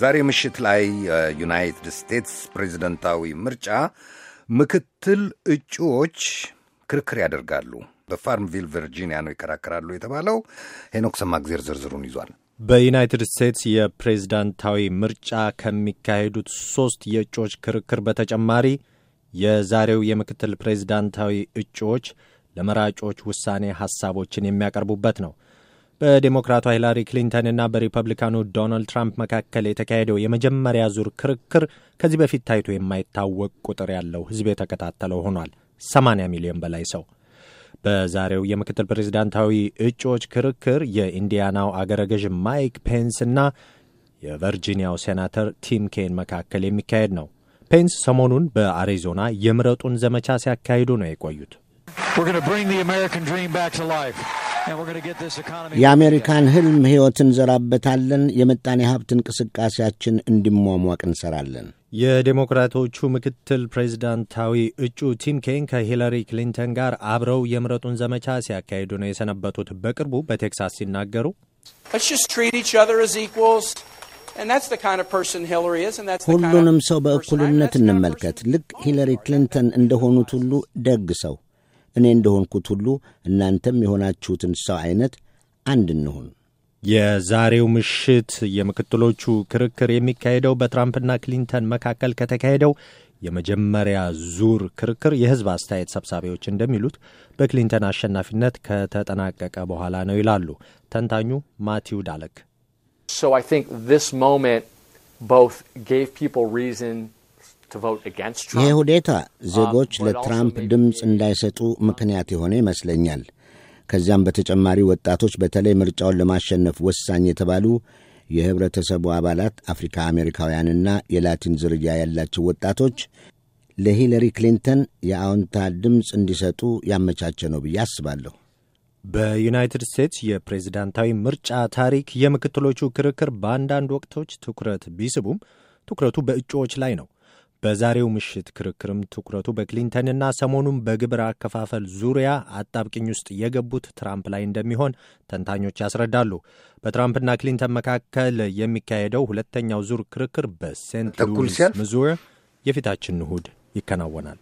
ዛሬ ምሽት ላይ የዩናይትድ ስቴትስ ፕሬዚደንታዊ ምርጫ ምክትል እጩዎች ክርክር ያደርጋሉ። በፋርምቪል ቨርጂኒያ ነው ይከራከራሉ የተባለው። ሄኖክ ሰማግዜር ዝርዝሩን ይዟል። በዩናይትድ ስቴትስ የፕሬዝዳንታዊ ምርጫ ከሚካሄዱት ሶስት የእጩዎች ክርክር በተጨማሪ የዛሬው የምክትል ፕሬዝዳንታዊ እጩዎች ለመራጮች ውሳኔ ሐሳቦችን የሚያቀርቡበት ነው። በዴሞክራቷ ሂላሪ ክሊንተን እና በሪፐብሊካኑ ዶናልድ ትራምፕ መካከል የተካሄደው የመጀመሪያ ዙር ክርክር ከዚህ በፊት ታይቶ የማይታወቅ ቁጥር ያለው ሕዝብ የተከታተለው ሆኗል። 80 ሚሊዮን በላይ ሰው በዛሬው የምክትል ፕሬዚዳንታዊ እጩዎች ክርክር የኢንዲያናው አገረ ገዥ ማይክ ፔንስ እና የቨርጂኒያው ሴናተር ቲም ኬን መካከል የሚካሄድ ነው። ፔንስ ሰሞኑን በአሪዞና የምረጡን ዘመቻ ሲያካሂዱ ነው የቆዩት። የአሜሪካን ህልም ሕይወት እንዘራበታለን። የመጣኔ ሀብት እንቅስቃሴያችን እንዲሟሟቅ እንሰራለን። የዴሞክራቶቹ ምክትል ፕሬዚዳንታዊ እጩ ቲም ኬን ከሂለሪ ክሊንተን ጋር አብረው የምረጡን ዘመቻ ሲያካሂዱ ነው የሰነበቱት። በቅርቡ በቴክሳስ ሲናገሩ ሁሉንም ሰው በእኩልነት እንመልከት። ልክ ሂለሪ ክሊንተን እንደሆኑት ሁሉ ደግ ሰው እኔ እንደሆንኩት ሁሉ እናንተም የሆናችሁትን ሰው ዐይነት አንድ እንሁን። የዛሬው ምሽት የምክትሎቹ ክርክር የሚካሄደው በትራምፕና ክሊንተን መካከል ከተካሄደው የመጀመሪያ ዙር ክርክር የሕዝብ አስተያየት ሰብሳቢዎች እንደሚሉት በክሊንተን አሸናፊነት ከተጠናቀቀ በኋላ ነው ይላሉ ተንታኙ ማቲው ዳለክ። ይህ ሁኔታ ዜጎች um, ለትራምፕ ድምፅ እንዳይሰጡ ምክንያት የሆነ ይመስለኛል። ከዚያም በተጨማሪ ወጣቶች በተለይ ምርጫውን ለማሸነፍ ወሳኝ የተባሉ የህብረተሰቡ አባላት አፍሪካ አሜሪካውያንና የላቲን ዝርያ ያላቸው ወጣቶች ለሂለሪ ክሊንተን የአዎንታ ድምፅ እንዲሰጡ ያመቻቸ ነው ብዬ አስባለሁ። በዩናይትድ ስቴትስ የፕሬዝዳንታዊ ምርጫ ታሪክ የምክትሎቹ ክርክር በአንዳንድ ወቅቶች ትኩረት ቢስቡም ትኩረቱ በእጩዎች ላይ ነው። በዛሬው ምሽት ክርክርም ትኩረቱ በክሊንተንና ሰሞኑን በግብር አከፋፈል ዙሪያ አጣብቅኝ ውስጥ የገቡት ትራምፕ ላይ እንደሚሆን ተንታኞች ያስረዳሉ። በትራምፕና ክሊንተን መካከል የሚካሄደው ሁለተኛው ዙር ክርክር በሴንት ሉዊስ ሚዙሪ የፊታችን እሁድ ይከናወናል።